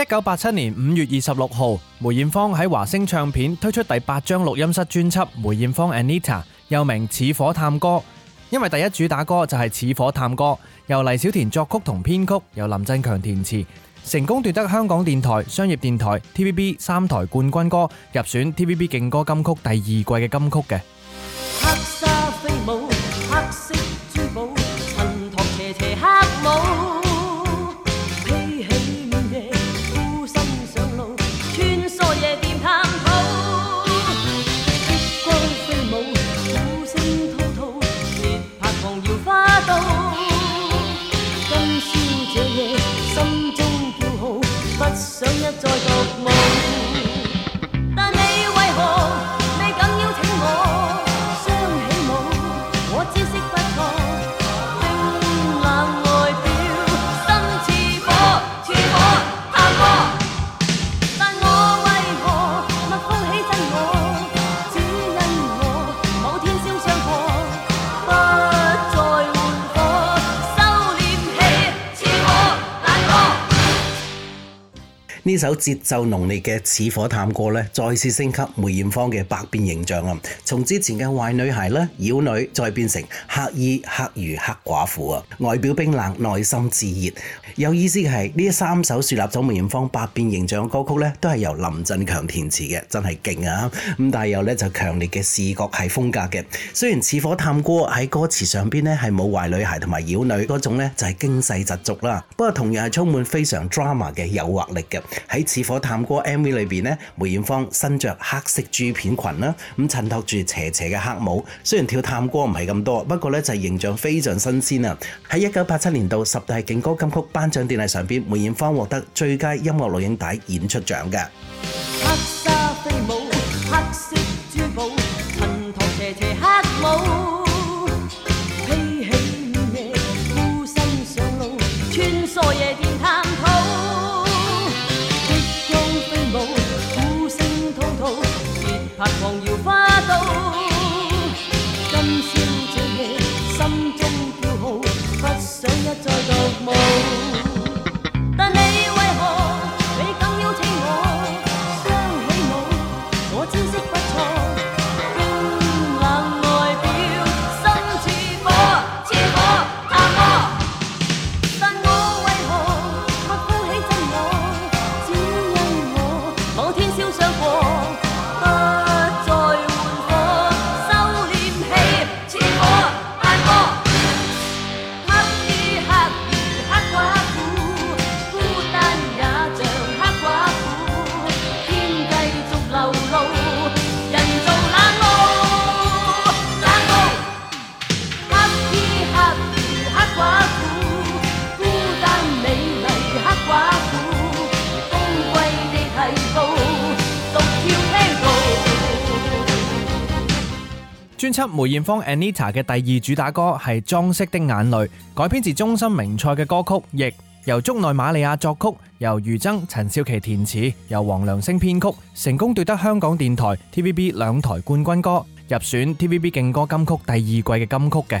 一九八七年五月二十六號，梅艷芳喺華星唱片推出第八張錄音室專輯《梅艷芳 Anita》，又名《似火探戈》，因為第一主打歌就係《似火探戈》，由黎小田作曲同編曲，由林振強填詞，成功奪得香港電台、商業電台、T V B 三台冠軍歌，入選 T V B 勁歌金曲第二季嘅金曲嘅。呢首節奏濃烈嘅《似火探戈》咧，再次升級梅艷芳嘅百變形象啊！從之前嘅壞女孩咧、妖女，再變成黑衣、黑如黑寡婦啊！外表冰冷，內心炙熱。有意思嘅係呢三首樹立咗梅艷芳百變形象嘅歌曲咧，都係由林振強填詞嘅，真係勁啊！咁但係又咧就強烈嘅視覺係風格嘅。雖然《似火探戈》喺歌詞上邊咧係冇壞女孩同埋妖女嗰種咧就係驚世駭俗啦，不過同樣係充滿非常 drama 嘅誘惑力嘅。喺《似火探戈》MV 裏邊咧，梅艷芳身着黑色珠片裙啦，咁襯托住斜斜嘅黑帽。雖然跳探戈唔係咁多，不過咧就形象非常新鮮啊！喺一九八七年度十大勁歌金曲頒獎典禮上邊，梅艷芳獲得最佳音樂錄影帶演出獎嘅。黑沙飛舞，黑色珠寶輯梅艷芳 Anita 嘅第二主打歌係《裝飾的眼淚》，改編自中森明菜嘅歌曲，亦由竹內瑪利亞作曲，由余爭、陳少琪填詞，由黃良聲編曲，成功奪得香港電台 TVB 兩台冠軍歌，入選 TVB 勁歌金曲第二季嘅金曲嘅。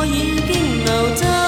我已經流走。.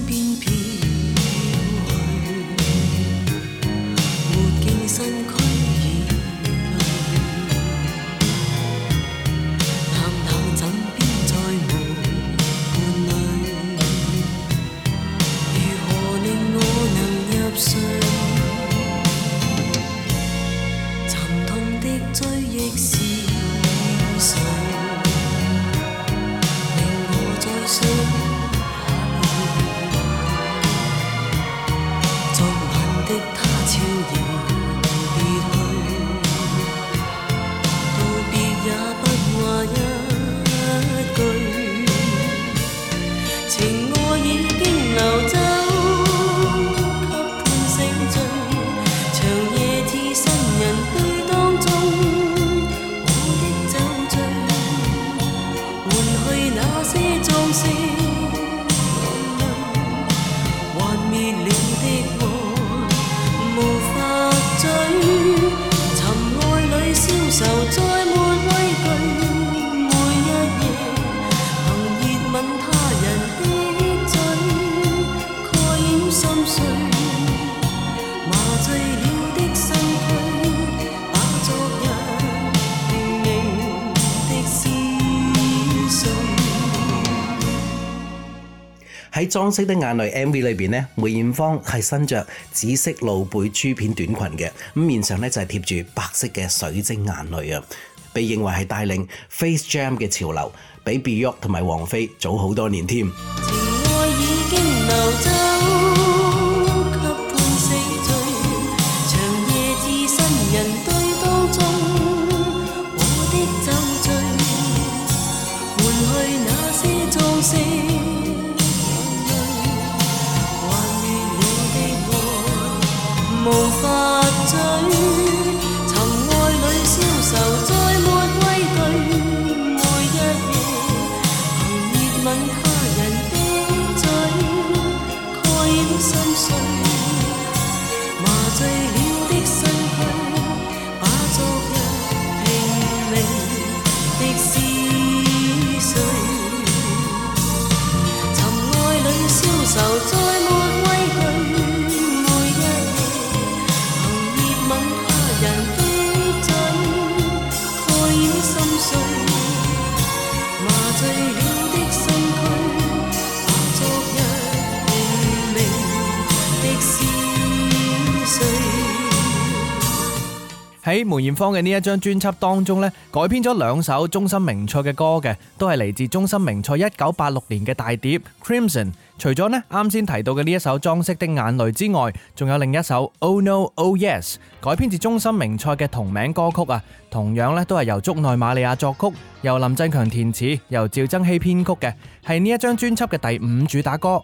色的眼淚 M V 裏邊咧，梅艷芳係身着紫色露背珠片短裙嘅，咁面上咧就係貼住白色嘅水晶眼淚啊，被認為係帶領 face jam 嘅潮流，比 Beyond 同埋王菲早好多年添。方嘅呢一張專輯當中呢，改編咗兩首中森明菜嘅歌嘅，都係嚟自中森明菜一九八六年嘅大碟《Crimson》。除咗呢啱先提到嘅呢一首《裝飾的眼淚》之外，仲有另一首《Oh No Oh Yes》，改編自中森明菜嘅同名歌曲啊。同樣呢都係由竹內瑪利亞作曲，由林振強填詞，由趙增熹編曲嘅，係呢一張專輯嘅第五主打歌。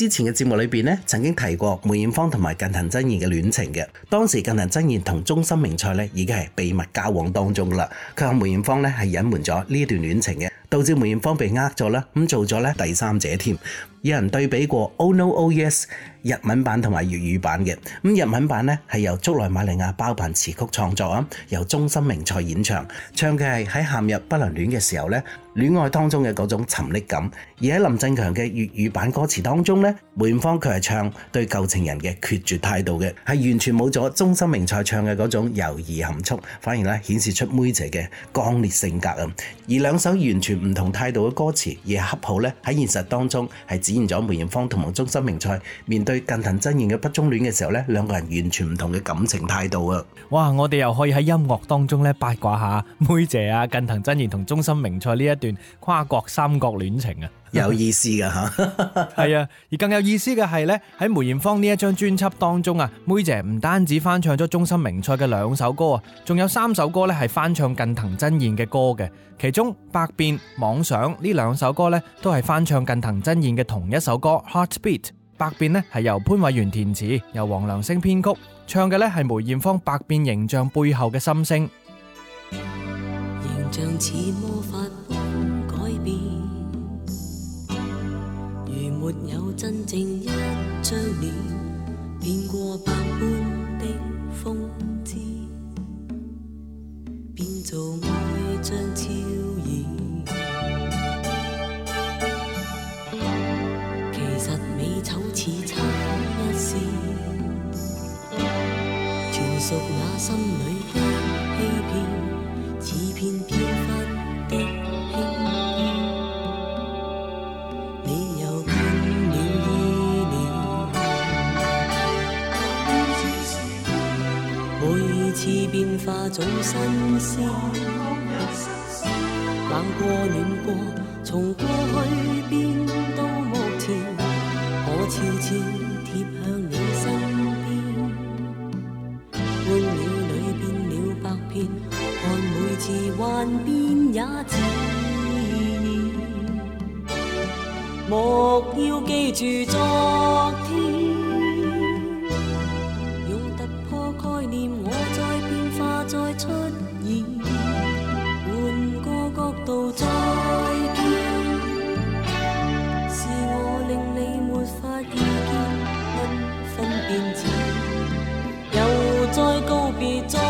之前嘅節目裏面曾經提過梅艷芳同埋近藤真彦嘅戀情，當時近藤真彦和中森明菜已經係秘密交往當中了，佢話梅艷芳係隱瞞了這段戀情，導致梅艷芳被呃咗啦，咁做咗咧第三者添。有人對比過《Oh No Oh Yes》日文版同埋粵語版嘅，咁日文版咧係由竹內瑪利亞包辦詞曲創作啊，由中森明菜演唱，唱嘅係喺陷入不能戀嘅時候咧，戀愛當中嘅嗰種沉溺感。而喺林振強嘅粵語版歌詞當中咧，梅艷芳卻係唱對舊情人嘅決絕態度嘅，係完全冇咗中森明菜唱嘅嗰種猶豫含蓄，反而咧顯示出妹仔嘅剛烈性格啊。而兩首完全，唔同態度嘅歌詞而恰好咧，喺現實當中係展現咗梅艷芳同埋中森明菜面對近藤真彥嘅不忠戀嘅時候呢，兩個人完全唔同嘅感情態度啊！哇！我哋又可以喺音樂當中咧八卦下妹姐啊，近藤真彥同中森明菜呢一段跨國三角戀情啊！ 有意思噶，嚇，係 啊！而更有意思嘅係呢，喺梅艷芳呢一張專輯當中啊，妹姐唔單止翻唱咗中森明菜嘅兩首歌啊，仲有三首歌呢係翻唱近藤真彥嘅歌嘅。其中《百變》《妄想》呢兩首歌呢都係翻唱近藤真彥嘅同一首歌《Heartbeat》。《百變》呢係由潘偉源填詞，由黃良星編曲，唱嘅呢係梅艷芳百變形象背後嘅心聲。形象似魔法沒有真正一張臉，變過百般的風姿，變做每張超然。其實美醜似差一線，全屬那心裏事變化總新鮮，冷過暖過，從過去變到目前，我悄悄貼向你身邊。半秒裏變了百遍，看每次幻變也自然。莫要記住昨天。出現，換個角度再見，是我令你沒法遇見，繽紛變遷，又再告別。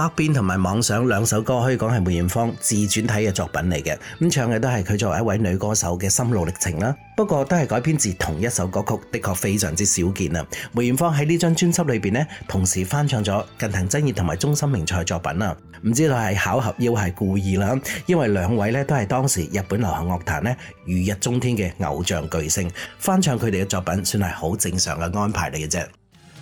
《百變》同埋《妄想》兩首歌，可以講係梅艷芳自轉體嘅作品嚟嘅，咁唱嘅都係佢作為一位女歌手嘅心路歷程啦。不過都係改編自同一首歌曲，的確非常之少見啊！梅艷芳喺呢張專輯裏邊呢，同時翻唱咗近藤真彥同埋中森明菜作品啊。唔知道係巧合，抑或係故意啦？因為兩位呢都係當時日本流行樂壇呢如日中天嘅偶像巨星，翻唱佢哋嘅作品，算係好正常嘅安排嚟嘅啫。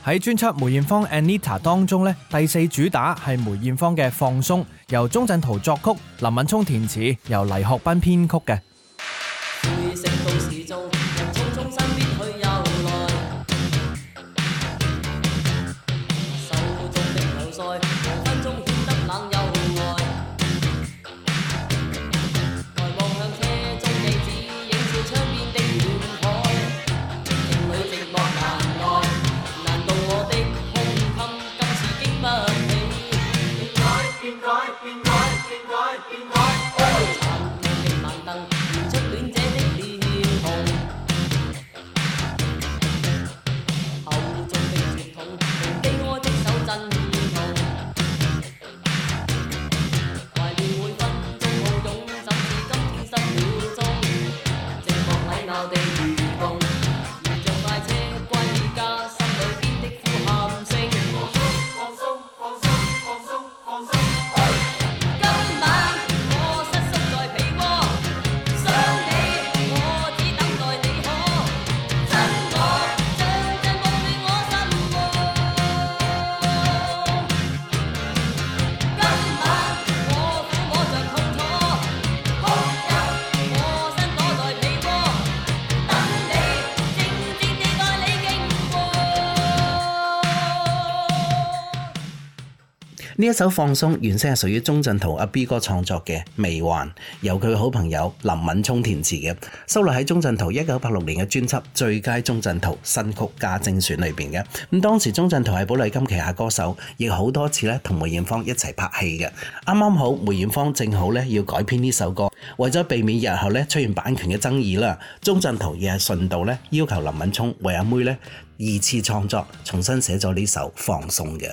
喺專輯《梅艷芳 Anita》當中咧，第四主打係梅艷芳嘅《放鬆》，由鍾鎮濤作曲，林敏聰填詞，由黎學斌編曲嘅。呢一首《放鬆》原聲係屬於鐘鎮濤阿 B 哥創作嘅，《魅幻》由佢好朋友林敏聰填詞嘅，收錄喺鐘鎮濤一九八六年嘅專輯《最佳鐘鎮濤新曲加精選》裏邊嘅。咁當時鐘鎮濤係寶麗金旗下歌手，亦好多次咧同梅豔芳一齊拍戲嘅。啱啱好梅豔芳正好咧要改編呢首歌，為咗避免日後咧出現版權嘅爭議啦，鐘鎮濤亦係順道咧要求林敏聰為阿妹咧二次創作，重新寫咗呢首《放鬆》嘅。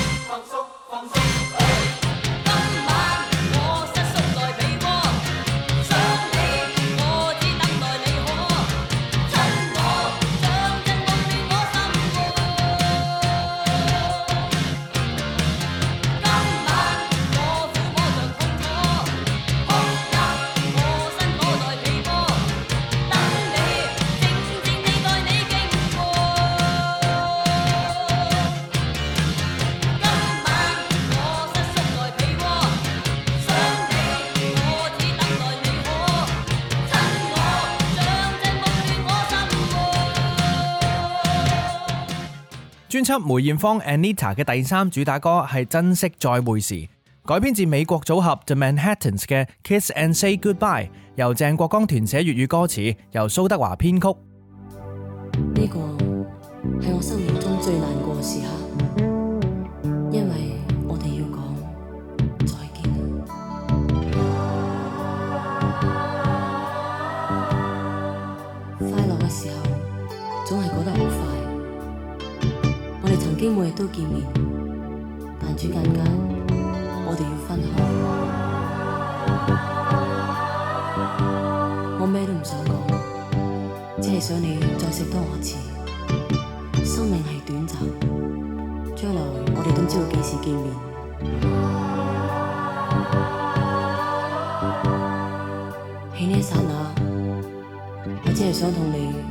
專輯梅艷芳 Anita 嘅第三主打歌係《珍惜再會時》，改編自美國組合 The Manhattans 嘅《Kiss and Say Goodbye》，由鄭國江填寫粵語歌詞，由蘇德華編曲。呢個係我生命中最難過嘅時刻。啲每日都見面，但是我哋要分開。我咩都唔想講，只係想你再認識我一次。生命係短暫，將來我哋都唔知要幾時見面。喺呢一剎那，我只係想同你。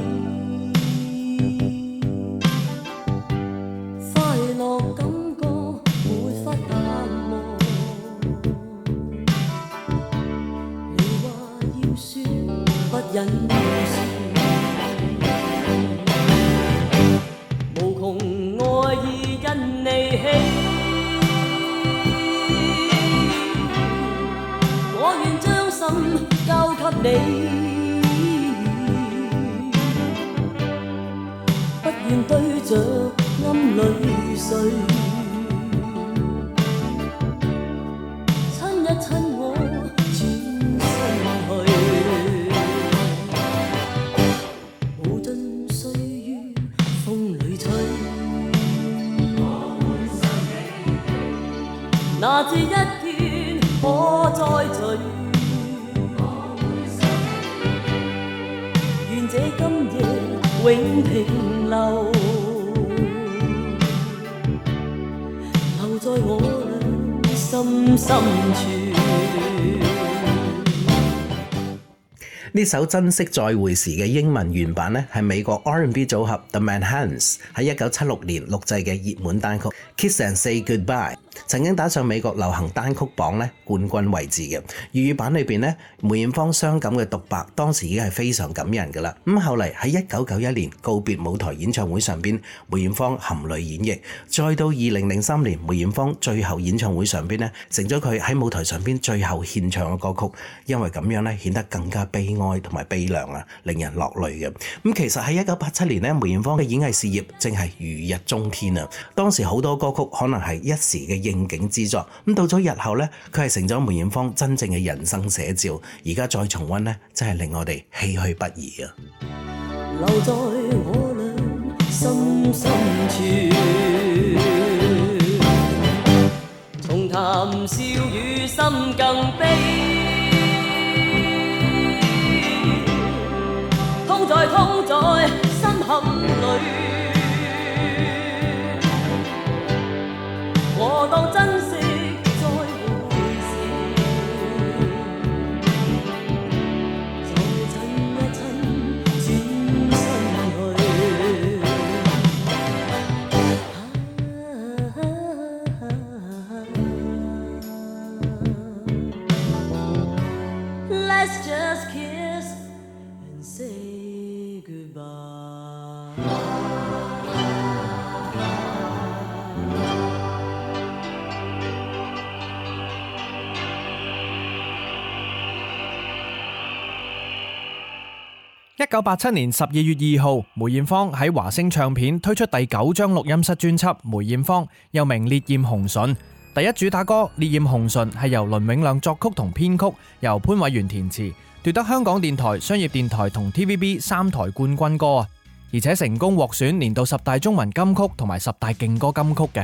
呢首珍惜再會時嘅英文原版咧，係美國 R&B 組合 The Manhattans 喺一九七六年錄製嘅熱門單曲《Kiss and Say Goodbye》，曾經打上美國流行單曲榜咧冠軍位置嘅粵語版裏邊咧，梅艷芳傷感嘅獨白當時已經係非常感人噶啦。咁後嚟喺一九九一年告別舞台演唱會上邊，梅艷芳含淚演繹；再到二零零三年梅艷芳最後演唱會上邊咧，成咗佢喺舞台上邊最後獻唱嘅歌曲，因為咁樣咧，顯得更加悲哀。同埋悲涼啊，令人落淚嘅。咁其實喺一九八七年咧，梅艷芳嘅演藝事業正係如日中天啊。當時好多歌曲可能係一時嘅應景之作，咁到咗日後咧，佢係成咗梅艷芳真正嘅人生寫照。而家再重溫咧，真係令我哋唏噓不已啊！留在我倆心深處，重談笑語心更悲。痛在心坎裏。一九八七年十二月二號，梅艷芳喺華星唱片推出第九張錄音室專輯《梅艷芳》，又名《烈焰紅唇》。第一主打歌《烈焰紅唇》係由倫永亮作曲同編曲，由潘偉源填詞，奪得香港電台、商業電台同 TVB 三台冠軍歌啊！而且成功獲選年度十大中文金曲同埋十大勁歌金曲嘅。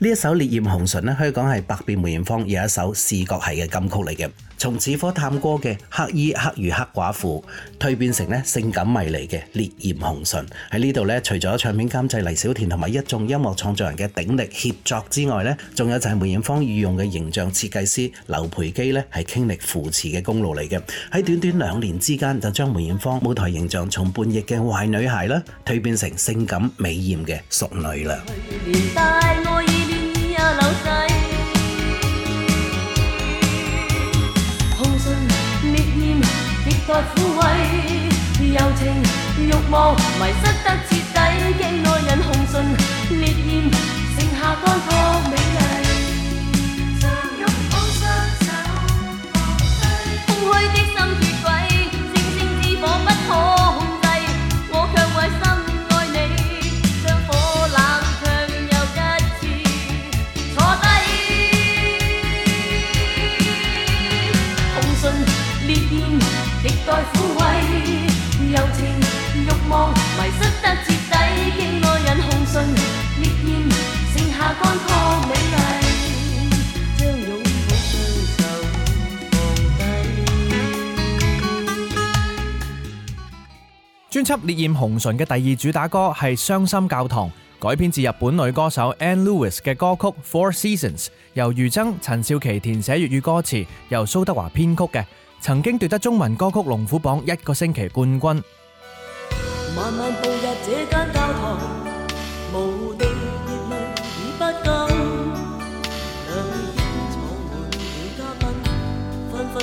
呢一首《烈焰紅唇》呢，可以講係百變梅豔芳有一首視覺系嘅金曲嚟嘅。從似火探戈嘅黑衣黑如黑寡婦，蛻變成咧性感迷離嘅烈焰紅唇。喺呢度咧，除咗唱片監製黎小田同埋一眾音樂創作人嘅鼎力協作之外咧，仲有就係梅豔芳御用嘅形象設計師劉培基咧，係傾力扶持嘅功勞嚟嘅。喺短短兩年之間，就將梅豔芳舞台形象從叛逆嘅壞女孩啦，蛻變成性感美豔嘅熟女啦。在撫慰，柔情欲望迷失得徹底，經愛人紅唇烈焰，剩下乾涸。專輯《烈焰紅唇》嘅第二主打歌係《傷心教堂》，改編自日本女歌手 Anne Lewis 嘅歌曲 Four Seasons，由余曾、陳少琪填寫粵語歌詞，由蘇德華編曲嘅，曾經奪得中文歌曲龍虎榜一個星期冠軍。慢慢步入這間教堂。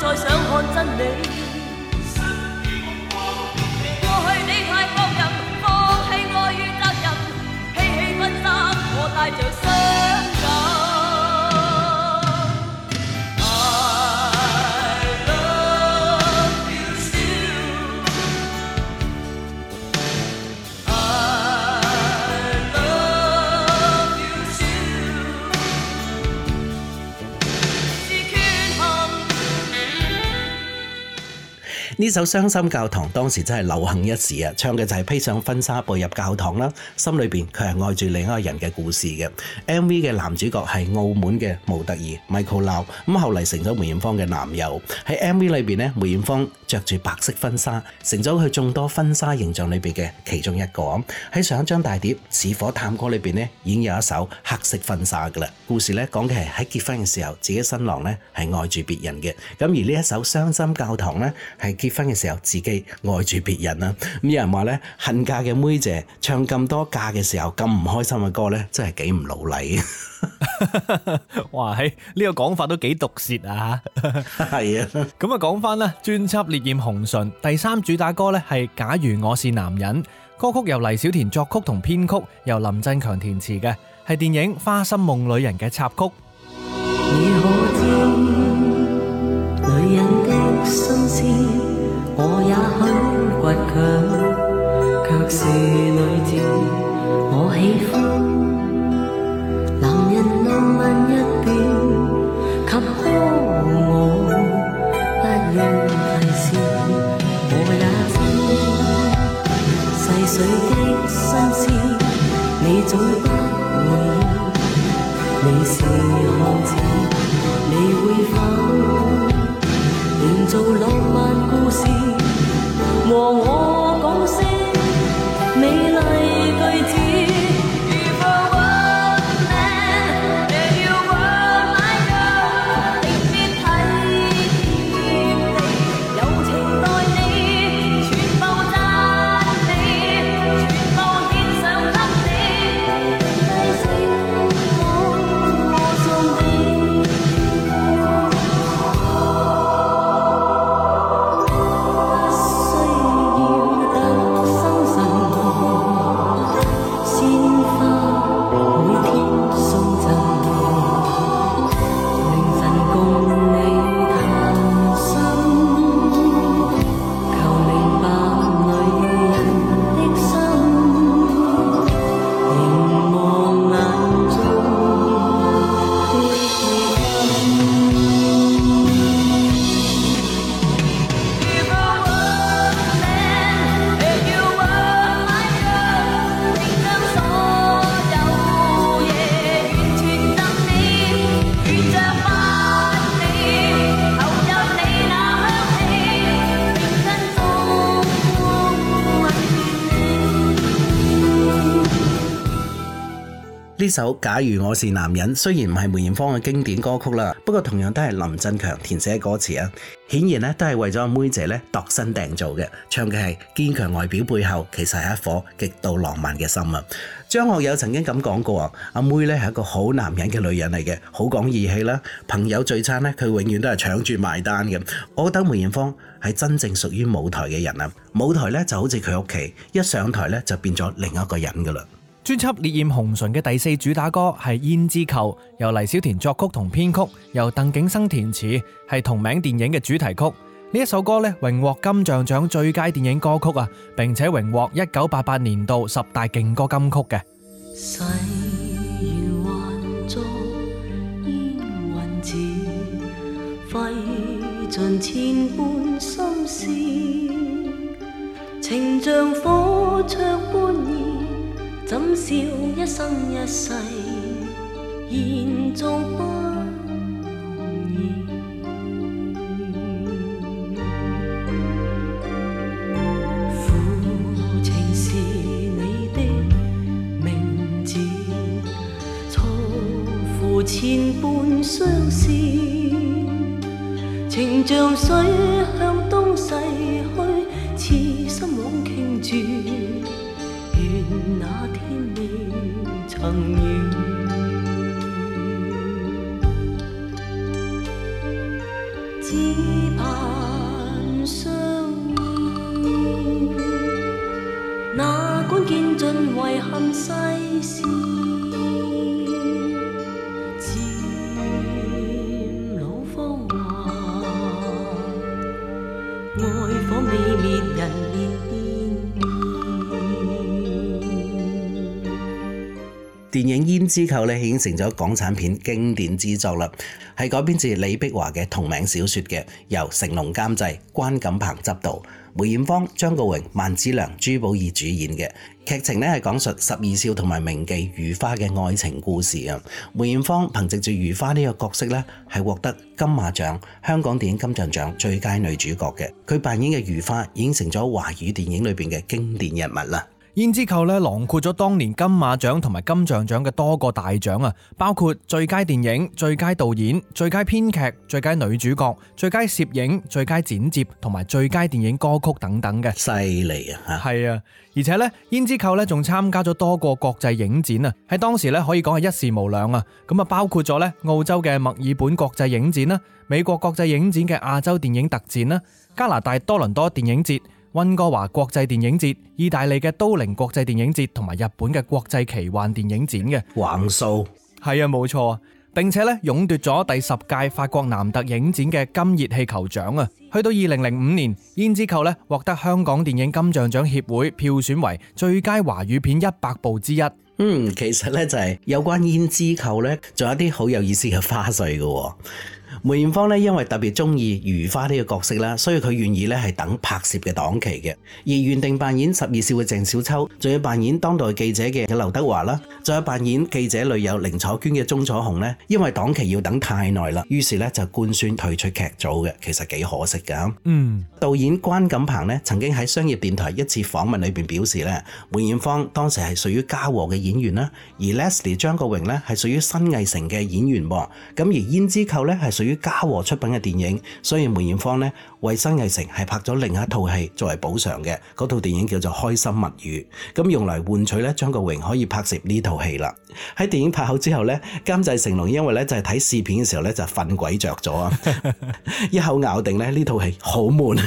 再想看真理，過去你太放任，放棄愛與責任，披起婚紗，我帶着傷感。呢首《傷心教堂》當時真係流行一時啊！唱嘅就係披上婚紗步入教堂啦，心裏邊佢係愛住另一個人嘅故事嘅。M V 嘅男主角係澳門嘅模特兒 Michael Lau，咁後嚟成咗梅豔芳嘅男友。喺 M V 裏面呢，梅豔芳着住白色婚紗，成咗佢眾多婚紗形象裏面嘅其中一個。喺上一張大碟《似火探戈》裏面呢，已經有一首《黑色婚紗》噶啦。故事呢講嘅係喺結婚嘅時候，自己新郎呢係愛住別人嘅。咁而呢一首《傷心教堂》呢，係結結婚嘅時候，自己愛住別人啦，咁有人話咧，恨嫁嘅梅姐唱咁多嫁嘅時候咁唔開心嘅歌咧，真係幾唔努力嘅。哇，喺呢個講法都幾毒舌啊！係啊，咁啊講返啦，專輯《烈焰紅唇》第三主打歌咧係《假如我是男人》，歌曲由黎小田作曲同編曲，由林振強填詞嘅，係電影《花心夢裏人》嘅插曲。總不會厭，你是漢子，你會否連做浪漫故事和我？呢首假如我是男人，雖然唔係梅艷芳嘅經典歌曲啦，不過同樣都係林振強填寫歌詞啊。顯然咧都係為咗阿妹姐咧度身訂造嘅，唱嘅係堅強外表背後，其實係一顆極度浪漫嘅心啊！張學友曾經咁講過啊，阿妹咧係一個好男人嘅女人嚟嘅，好講義氣啦，朋友聚餐咧佢永遠都係搶住埋單嘅。我覺得梅艷芳係真正屬於舞台嘅人啊！舞台咧就好似佢屋企，一上台咧就變咗另一個人噶啦。專輯《烈焰紅唇》嘅第四主打歌係《胭脂扣》，由黎小田作曲同編曲，由鄧景生填詞，係同名電影嘅主題曲。呢一首歌呢，榮獲金像獎最佳電影歌曲啊，並且榮獲一九八八年度十大勁歌金曲嘅。誓言幻作煙雲字，費盡千般心思，情像火灼般熱。怎笑一生一世，延續不容易。負情是你的名字，錯付千般相思。情像水向東逝去，痴心枉傾注。那天未曾遇，只盼相依，哪管見盡遺憾世事。電影《胭脂扣》已經成咗港產片經典之作啦，係改編自李碧華嘅同名小說嘅，由成龍監製、關錦鵬執導、梅艷芳、張國榮、萬梓良、朱寶意主演嘅。劇情咧係講述十二少同埋名妓如花嘅愛情故事啊。梅艷芳憑借住如花呢個角色咧係獲得金馬獎香港電影金像獎最佳女主角嘅。佢扮演嘅如花已經成咗華語電影裏面嘅經典人物了。胭脂扣咧囊括咗當年金馬獎同埋金像獎嘅多個大獎啊，包括最佳電影、最佳導演、最佳編劇、最佳女主角、最佳攝影、最佳剪接同埋最佳電影歌曲等等嘅。犀利啊！係啊，而且咧胭脂扣咧仲參加咗多個國際影展啊，喺當時咧可以講係一時無兩啊。咁啊，包括咗咧澳洲嘅墨爾本國際影展啦，美國國際影展嘅亞洲電影特展啦，加拿大多倫多電影節。溫哥華國際電影節、意大利嘅都靈國際電影節同埋日本嘅國際奇幻電影展嘅橫掃，係啊冇錯，並且咧勇奪咗第十屆法國南特影展嘅金熱氣球獎啊！去到二零零五年，《胭脂扣》咧獲得香港電影金像獎協會票選為最佳華語片一百部之一。嗯，其實咧就係有關《胭脂扣》咧，仲有一啲好有意思嘅花絮噶喎。梅艷芳咧，因為特別中意如花呢個角色啦，所以佢願意咧係等拍攝嘅檔期嘅。而原定扮演十二少嘅鄭少秋，仲要扮演當代記者嘅劉德華啦，再扮演記者女友凌楚娟嘅鍾楚紅咧，因為檔期要等太耐啦，於是咧就官宣退出劇組嘅。其實幾可惜噶。嗯，導演關錦鵬咧，曾經喺商業電台一次訪問裏邊表示咧，梅艷芳當時係屬於嘉禾嘅演員啦，而 Leslie 張國榮咧係屬於新藝城嘅演員噃。咁而胭脂扣咧係屬。於嘉禾出品嘅電影，所以梅艷芳咧。衛生藝城係拍咗另一套戲作為補償嘅，嗰套電影叫做《開心物語》。咁用嚟換取咧，張國榮可以拍攝呢套戲啦。喺電影拍好之後咧，監製成龍因為咧就係睇試片嘅時候咧就瞓鬼着咗啊， 一口咬定咧呢套戲好悶。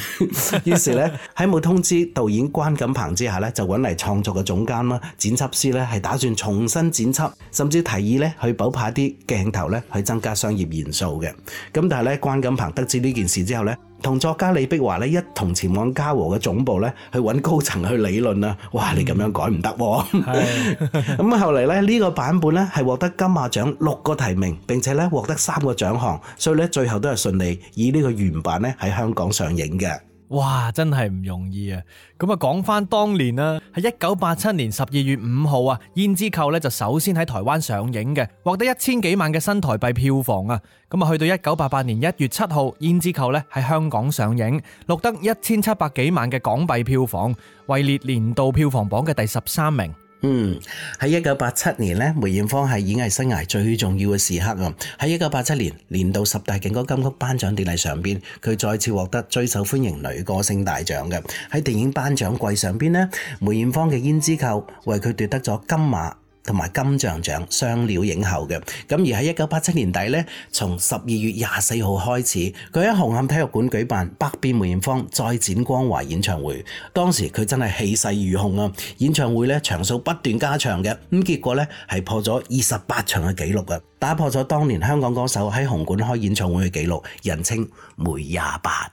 於 是咧喺冇通知導演關錦鵬之下咧，就搵嚟創作嘅總監啦剪輯師咧係打算重新剪輯，甚至提議咧去補拍一啲鏡頭咧去增加商業元素嘅。咁但係咧關錦鵬得知呢件事之後咧。同作家李碧華咧一同前往嘉禾嘅總部咧去揾高層去理論啦，哇！你咁樣改唔得喎。咁 後嚟咧呢個版本咧係獲得金馬獎六個提名，並且咧獲得三個獎項，所以咧最後都係順利以呢個原版咧喺香港上映嘅。哇，真係唔容易啊！咁啊，講翻當年啦，喺一九八七年十二月五號啊，《胭脂扣》咧就首先喺台灣上映嘅，獲得一千幾萬嘅新台幣票房啊！咁啊，去到一九八八年一月七號，《胭脂扣》咧喺香港上映，錄得一千七百幾萬嘅港幣票房，位列年度票房榜嘅第十三名。嗯，喺一九八七年咧，梅艷芳係演藝生涯最重要嘅時刻啊！喺一九八七年年度十大勁歌金曲頒獎典禮上邊，佢再次獲得最受歡迎女歌星大獎嘅。喺電影頒獎季上邊咧，梅艷芳嘅《胭脂扣》為佢奪得咗金馬。同埋金像獎雙料影后嘅，咁而喺一九八七年底咧，從十二月廿四號開始，佢喺紅磡體育館舉辦百變梅艷芳再展光華演唱會，當時佢真係氣勢如虹啊！演唱會咧場數不斷加長嘅，咁結果咧係破咗二十八場嘅紀錄嘅，打破咗當年香港歌手喺紅館開演唱會嘅紀錄，人稱梅廿八。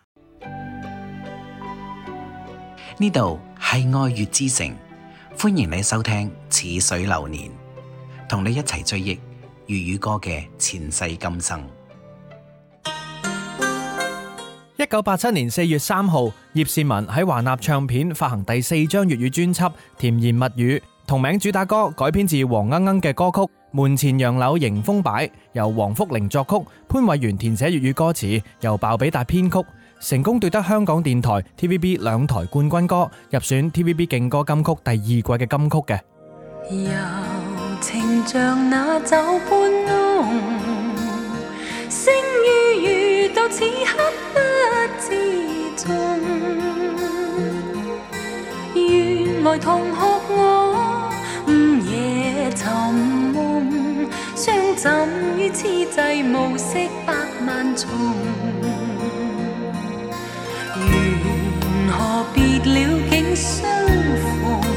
呢度係愛粵之城。歡迎你收聽《似水流年》，同你一齊追憶粵語歌嘅前世今生。一九八七年四月三號，葉倩文喺華納唱片發行第四張粵語專輯《甜言蜜語》，同名主打歌改編自黃鶯鶯嘅歌曲《門前楊柳迎風擺》，由黃福玲作曲，潘偉源填寫粵語歌詞，由鮑比達編曲。成功奪得香港電台 tvb 兩台冠軍歌，入選 tvb 勁歌金曲第二季嘅金曲嘅，柔情像那酒般濃，星雨遇到此刻不知終，原來同學我午夜沉夢相枕於此際，暮色百萬重何必了，竟相逢。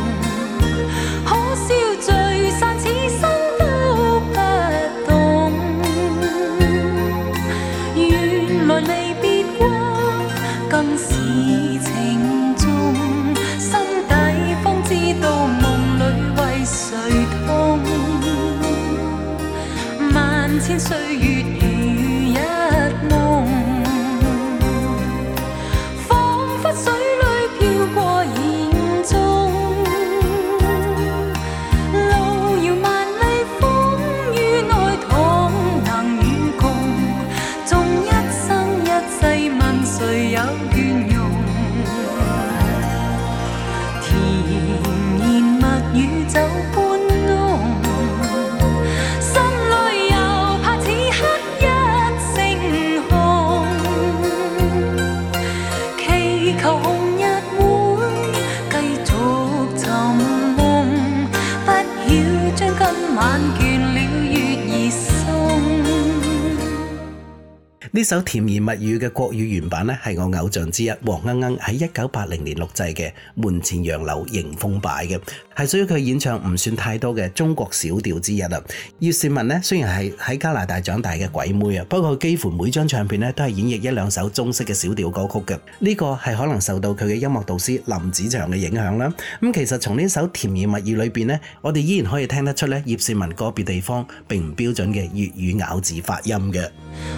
首甜言蜜語嘅國語原版咧，係我偶像之一黃鶯鶯喺一九八零年錄製嘅《門前楊柳迎風擺》嘅。係屬於佢演唱唔算太多嘅中國小調之一啦。葉倩文咧雖然係喺加拿大長大嘅鬼妹啊，不過幾乎每張唱片咧都係演繹一兩首中式嘅小調歌曲嘅。呢個係可能受到佢嘅音樂導師林子祥嘅影響啦。咁其實從呢首《甜言蜜語》裏邊咧，我哋依然可以聽得出咧葉倩文個別地方並唔標準嘅粵語咬字發音嘅。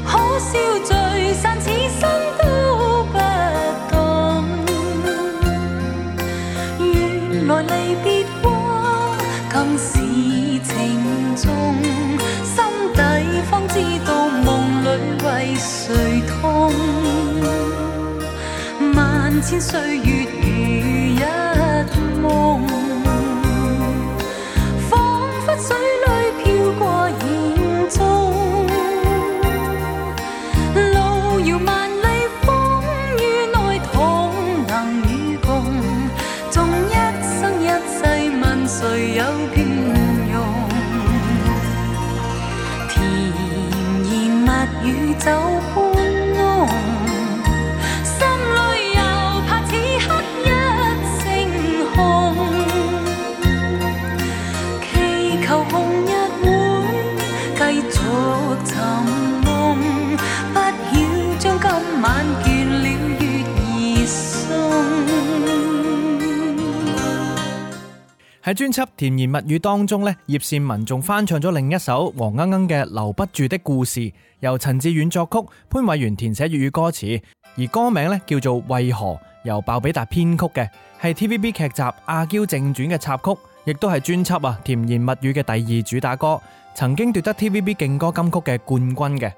可笑罪千歲月。專輯《甜言蜜語》當中呢，葉倩文仲翻唱咗另一首黃鶯鶯嘅《留不住的故事》，由陳志遠作曲，潘偉源填寫粵語歌詞，而歌名呢叫做《為何》，由鮑比達編曲嘅，係 TVB 劇集《阿嬌正傳》嘅插曲，亦都係專輯《啊甜言蜜語》嘅第二主打歌，曾經奪得 TVB 勁歌金曲嘅冠軍嘅。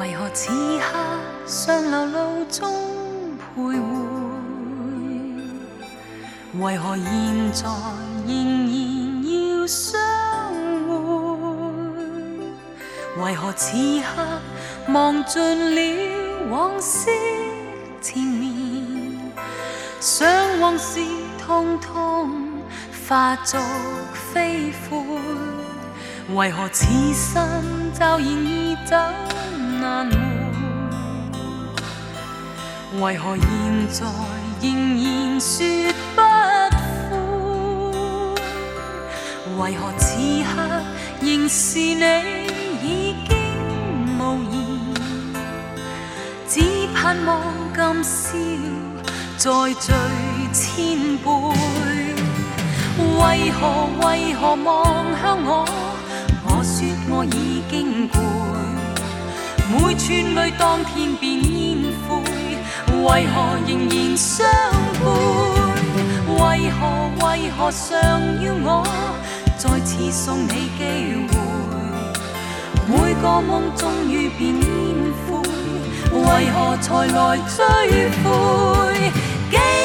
為何此刻？」上流路中為何現在仍然要相會？為何此刻忘盡了往昔纏綿？想往事，通通化作飛灰。為何此生驟然已走難回？為何現在？仍然說不悔，為何此刻仍是你已經無言？只盼望今宵再醉千杯。為何為何望向我，我說我已經攰，每串淚當天變煙灰。為何仍然相伴？為何為何尚要我再次送你機會？每個夢終於變煙灰，為何才來追悔？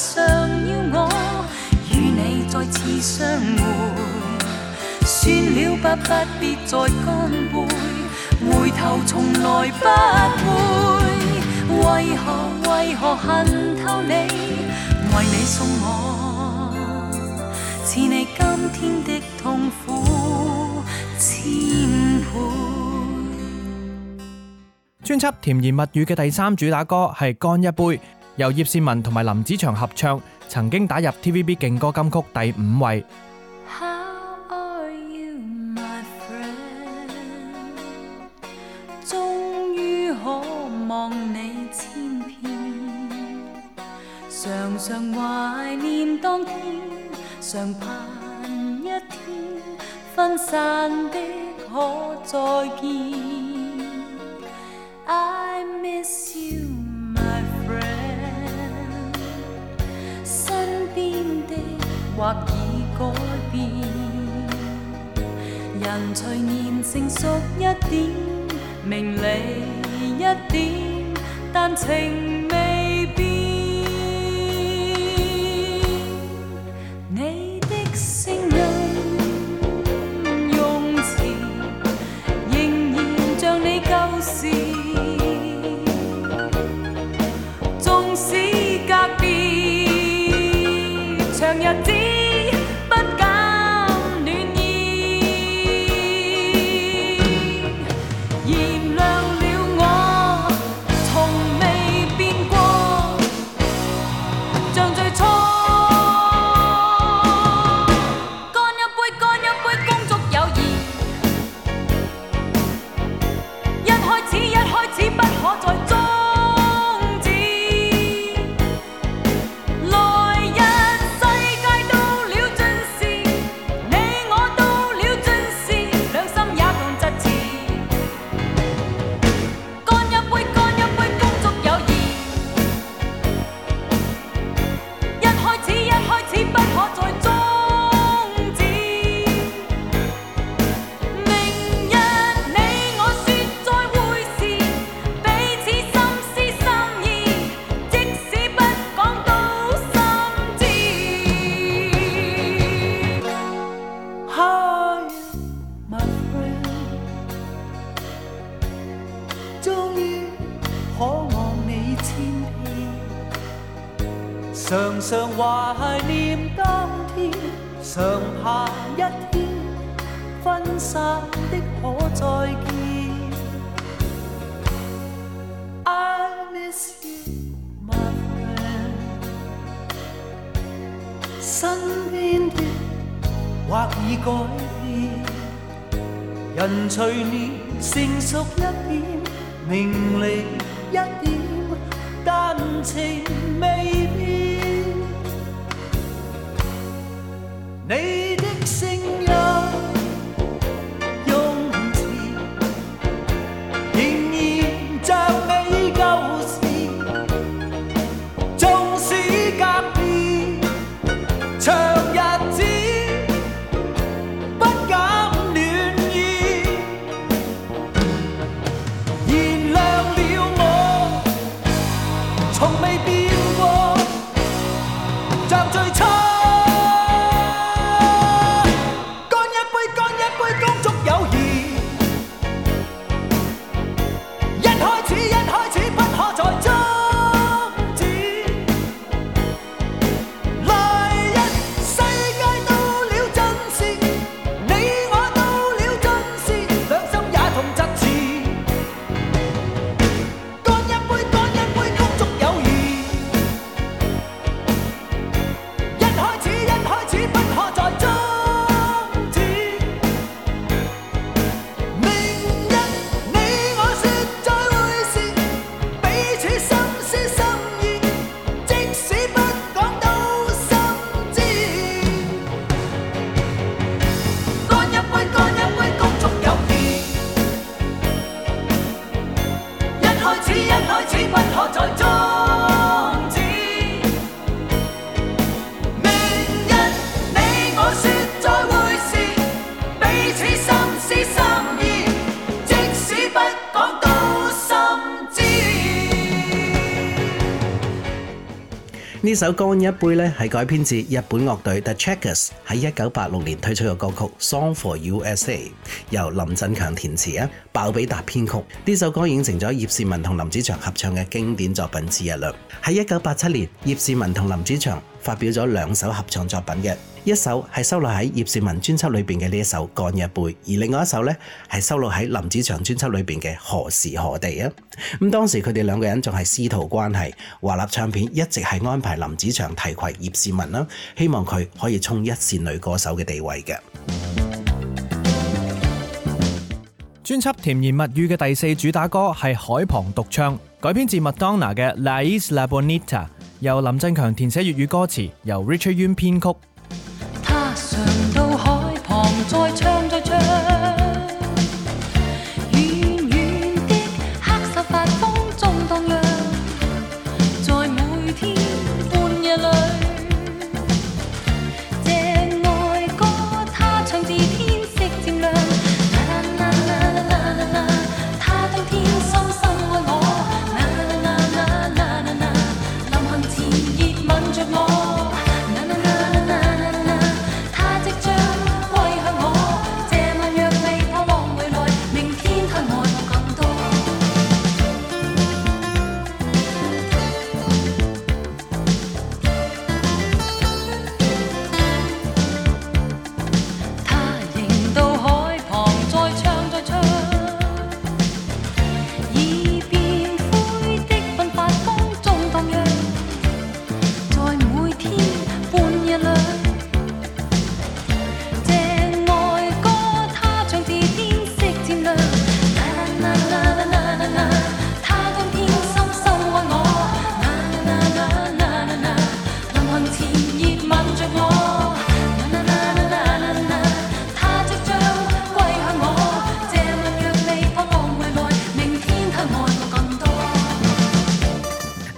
你你，專輯《甜言蜜語》嘅第三主打歌係《乾一杯》。由葉倩文同埋林子祥合唱，曾經打入 TVB 勁歌金曲第五位。變或已改變，人隨年成熟一點，明利一點，但情未。一點，感情呢首歌一杯咧係改編自日本樂隊 The Checkers 喺一九八六年推出嘅歌曲《Song for USA》，由林振強填詞啊，鮑比達編曲。呢首歌已經成咗葉倩文同林子祥合唱嘅經典作品之一啦。喺一九八七年，葉倩文同林子祥發表咗兩首合唱作品嘅。一首係收錄喺葉倩文專輯裏邊嘅呢一首《乾一杯》，而另外一首呢係收錄喺林子祥專輯裏邊嘅《何時何地》啊。咁當時佢哋兩個人仲係師徒關係，華納唱片一直係安排林子祥提攜葉倩文啦，希望佢可以衝一線女歌手嘅地位。嘅專輯《甜言蜜語》嘅第四主打歌係海旁獨唱，改編自麥當娜嘅《La Isla Bonita》，由林振強填寫粵語歌詞，由 Richard Yuen 編曲。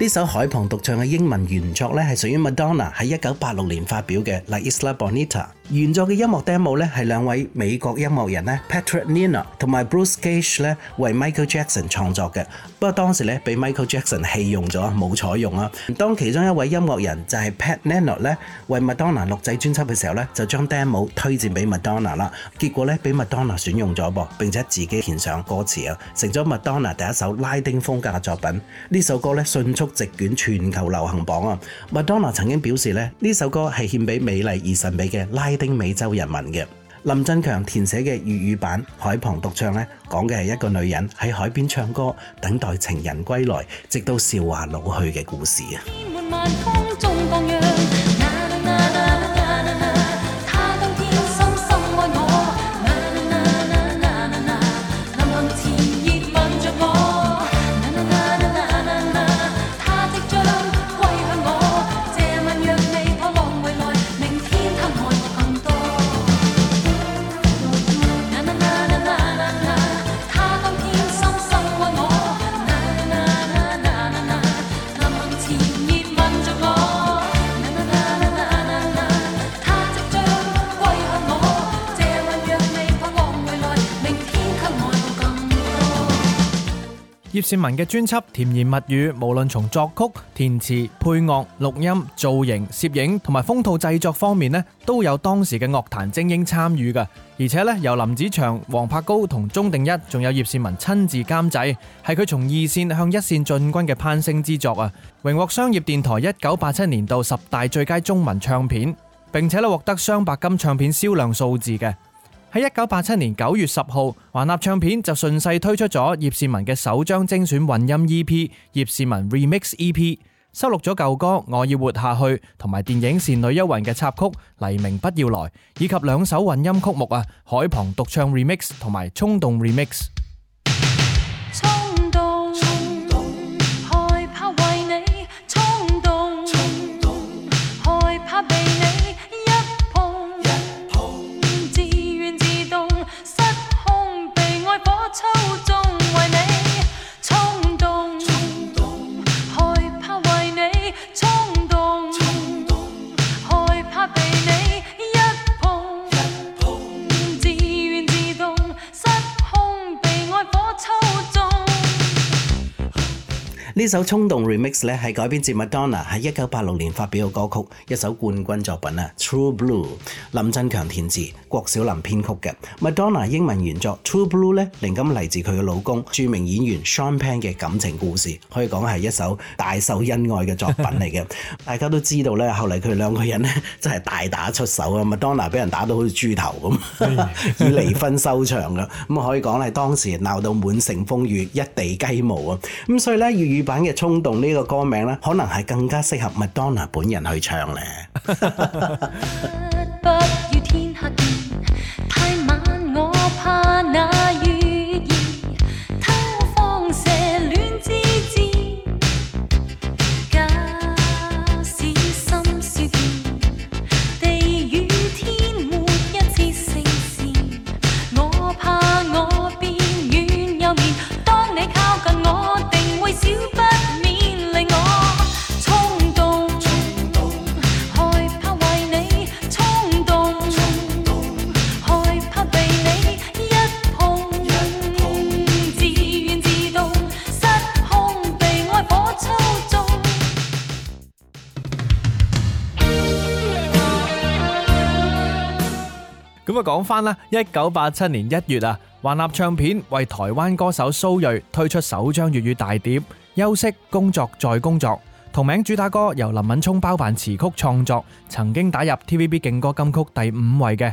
呢首海旁獨唱嘅英文原作咧係屬於 Madonna 喺一九八六年發表嘅《La Isla Bonita》。原作嘅音樂 demo 咧係兩位美國音樂人咧 Patrick Nino 同埋 Bruce Gaich 咧為 Michael Jackson 創作嘅。不過當時咧俾 Michael Jackson 棄用咗，冇採用啊。當其中一位音樂人就係 Pat Nino 咧為 Madonna 錄製專輯嘅時候咧，就將 demo 推薦俾 Madonna 啦。結果咧俾 Madonna 選用咗噃，並且自己填上歌詞啊，成咗 Madonna 第一首拉丁風格嘅作品。呢首歌咧迅速席捲全球流行榜啊！麥當娜曾經表示呢，呢首歌係獻俾美麗而神秘嘅拉丁美洲人民嘅。林振強填寫嘅粵語版《海旁獨唱》呢，講嘅係一個女人喺海邊唱歌，等待情人歸來，直到韶華老去嘅故事啊！葉倩文嘅專輯《甜言蜜語》，無論從作曲、填詞、配樂、錄音、造型、攝影同埋封套製作方面呢，都有當時嘅樂壇精英參與嘅，而且呢，由林子祥、黃柏高同鍾定一，仲有葉倩文親自監製，係佢從二線向一線進軍嘅攀升之作啊！榮獲商業電台一九八七年度十大最佳中文唱片，並且咧獲得雙白金唱片銷量數字嘅。喺一九八七年九月十號，華納唱片就順勢推出咗葉倩文嘅首張精選混音 EP《葉倩文 Remix EP》，收錄咗舊歌《我要活下去》同埋電影《倩女幽魂》嘅插曲《黎明不要來》，以及兩首混音曲目啊，《海旁獨唱 Remix》同埋《衝動 Remix》。呢首衝動 remix 咧，係改編自麥當娜喺一九八六年發表嘅歌曲，一首冠軍作品啊。True Blue，林振強填詞，郭小霖編曲嘅。麥當娜英文原作 True Blue 咧，靈感嚟自佢嘅老公著名演員 Sean Penn 嘅感情故事，可以講係一首大秀恩愛嘅作品嚟嘅。 大家都知道咧，後嚟佢兩個人咧真係大打出手啊！麥當娜俾人打到好似豬頭咁， 以離婚收場㗎。咁 可以講係當時鬧到滿城風雨，一地雞毛啊！咁所以咧粵語版嘅衝動呢個歌名呢，可能係更加適合麥當娜本人去唱呢。 翻啦！一九八七年一月啊，華納唱片為台灣歌手蘇芮推出首張粵語大碟《休息工作再工作》，同名主打歌由林敏聰包辦詞曲創作，曾經打入 TVB 勁歌金曲第五位嘅。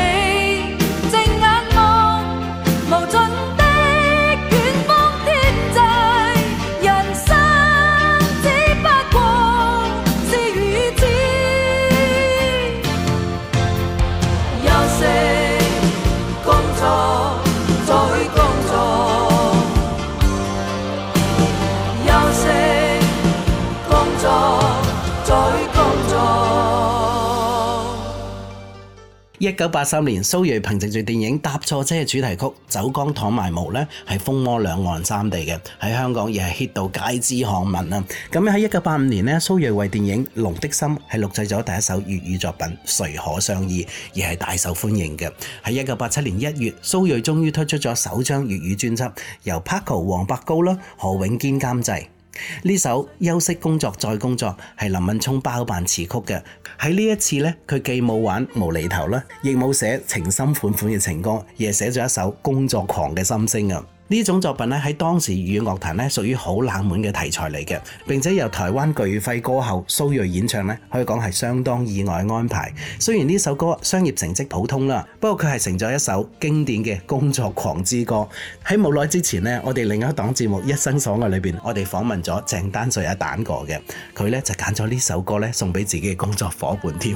一九八三年，蘇芮憑藉住電影《搭錯車》嘅主題曲《酒干倘賣無》呢，呢係風靡兩岸三地嘅，喺香港亦係 hit 到街知巷聞啊！咁喺一九八五年呢蘇芮為電影《龍的心》係錄製咗第一首粵語作品《誰可相依》，而係大受歡迎嘅。喺一九八七年一月，蘇芮終於推出咗首張粵語專輯，由 Paco 黃柏高啦何永堅監製。呢首《休息工作再工作》係林敏聰包辦詞曲嘅。喺呢一次咧，佢既冇玩無厘頭啦，亦冇寫情深款款嘅情歌，而係寫咗一首工作狂嘅心聲啊！呢種作品咧喺當時粵語樂壇咧屬於好冷門嘅題材嚟嘅，並且由台灣巨肺歌后蘇芮演唱咧，可以講係相當意外安排。雖然呢首歌商業成績普通啦，不過佢係成咗一首經典嘅工作狂之歌。喺冇耐之前咧，我哋另一個檔節目《一生所愛》裏邊，我哋訪問咗鄭丹瑞阿蛋哥嘅，佢咧就揀咗呢首歌咧送俾自己嘅工作伙伴添。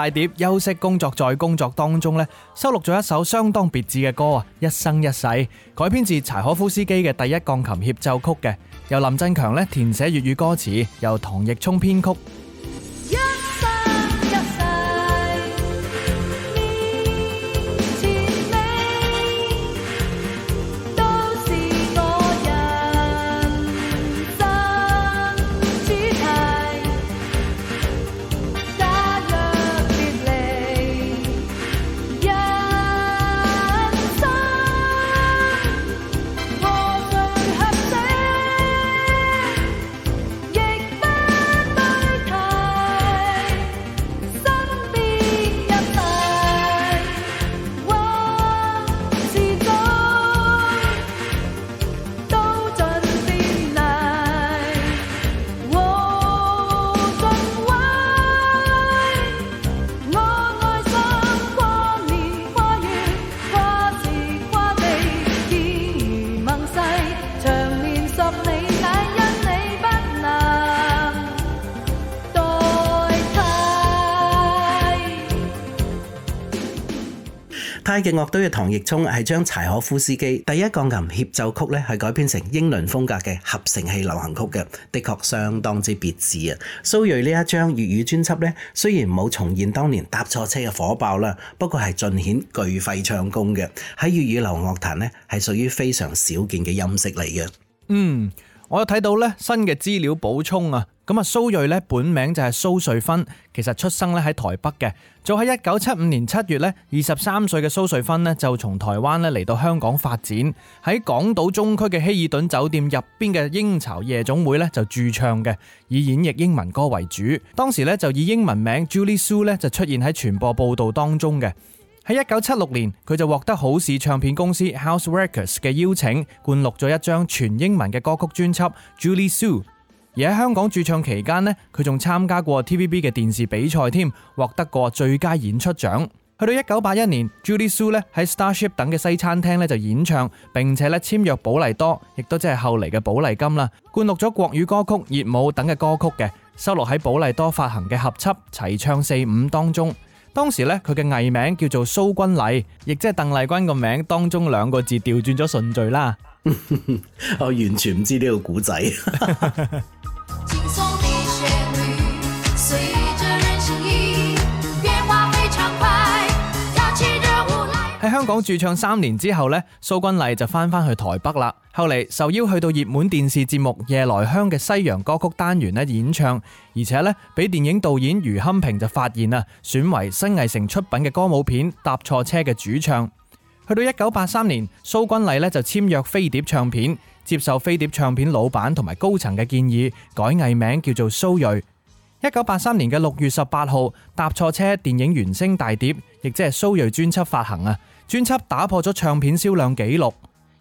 大碟休息工作再工作當中咧，收錄咗一首相當別致嘅歌啊，《一生一世》改編自柴可夫斯基嘅《第一鋼琴協奏曲》嘅，由林振強咧填寫粵語歌詞，由唐奕聰編曲。太極樂隊嘅唐奕聰係將柴可夫斯基第一鋼琴協奏曲咧係改編成英倫風格嘅合成器流行曲嘅，的確相當之別致啊！蘇芮呢一張粵語專輯咧，雖然冇重現當年搭錯車嘅火爆啦，不過係盡顯巨肺唱功嘅，喺粵語流樂壇咧係屬於非常少見嘅音色嚟嘅。嗯，我有睇到咧新嘅資料補充啊！咁啊，蘇芮咧本名就係蘇瑞芬，其實出生咧喺台北嘅。早喺1975年七月咧，二十三歲嘅蘇瑞芬咧就從台灣咧嚟到香港發展，喺港島中區嘅希爾頓酒店入邊嘅英巢夜總會咧就駐唱嘅，以演繹英文歌為主。當時咧就以英文名 Julie Sue 咧就出現喺傳播報導當中嘅。喺1976年，佢就獲得好事唱片公司 House Records 嘅邀請，灌錄咗一張全英文嘅歌曲專輯 Julie Sue。而喺香港駐唱期間呢，佢仲參加過 TVB 嘅電視比賽添，獲得過最佳演出獎。去到一九八一年 Judy Sue 咧喺 Starship 等嘅西餐廳呢就演唱，並且咧簽約寶麗多，亦都即係後嚟嘅寶麗金啦。灌錄咗國語歌曲、熱舞等嘅歌曲嘅，收錄喺寶麗多發行嘅合輯《齊唱四五》當中。當時呢，佢嘅藝名叫做蘇君麗，亦即係鄧麗君個名當中兩個字調轉咗順序啦。 我完全唔知呢個古仔。喺香港駐唱三年之後呢，蘇君麗就翻返去台北啦。後嚟受邀去到熱門電視節目《夜來香》嘅西洋歌曲單元咧演唱，而且呢，俾電影導演余堪平就發現啊，選為新藝城出品嘅歌舞片《搭錯車》嘅主唱。去到一九八三年，蘇君麗呢就簽約飛碟唱片，接受飛碟唱片老闆同埋高層嘅建議，改藝名叫做蘇芮。一九八三年嘅六月十八號，《搭錯車》電影原聲大碟，亦即係蘇芮專輯發行啊！專輯打破咗唱片銷量紀錄，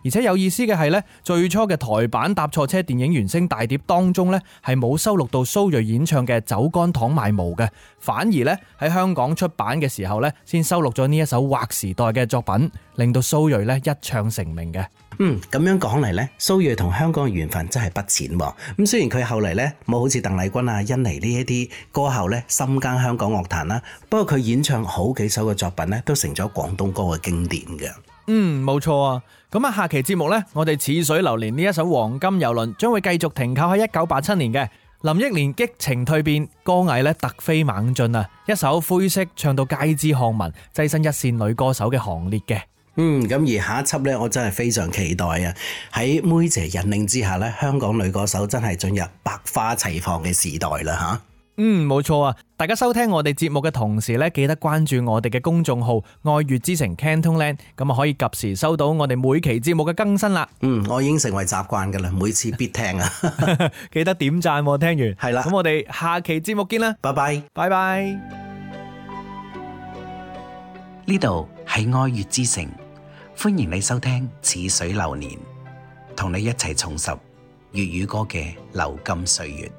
而且有意思嘅係咧，最初嘅台版搭錯車電影原聲大碟當中咧，係冇收錄到蘇芮演唱嘅《酒矸倘賣無》嘅，反而咧喺香港出版嘅時候咧，先收錄咗呢一首劃時代嘅作品，令到蘇芮咧一唱成名嘅。嗯，咁樣講嚟咧，蘇芮同香港嘅緣分真係不淺喎、啊。咁雖然佢後嚟咧冇好似鄧麗君啊、甄妮呢一啲歌后咧深耕香港樂壇啦，不過佢演唱好幾首嘅作品咧都成咗廣東歌嘅經典嘅。嗯，冇錯啊。咁啊，下期節目咧，我哋《似水流年》呢一首《黃金郵輪》將會繼續停靠喺一九八七年嘅林憶蓮激情蛻變，歌藝咧突飛猛進啊，一首灰色唱到街知巷聞，躋身一線女歌手嘅行列嘅。嗯，咁而下一輯呢，我真係非常期待啊！喺妹姐引領之下呢，香港女歌手真係進入百花齊放嘅時代啦！吓、啊，嗯，冇錯啊！大家收聽我哋節目嘅同時呢，記得關注我哋嘅公眾號“愛粵之城 Cantonland”，咁啊可以及時收到我哋每期節目嘅更新啦。嗯，我已經成為習慣噶啦，每次必聽啊！ 記得點讚、啊，聽完係啦。咁我哋下期節目見啦，拜拜，拜拜。呢度係愛粵之城。歡迎你收聽《似水流年》，同你一齊重拾粵語歌嘅流金歲月。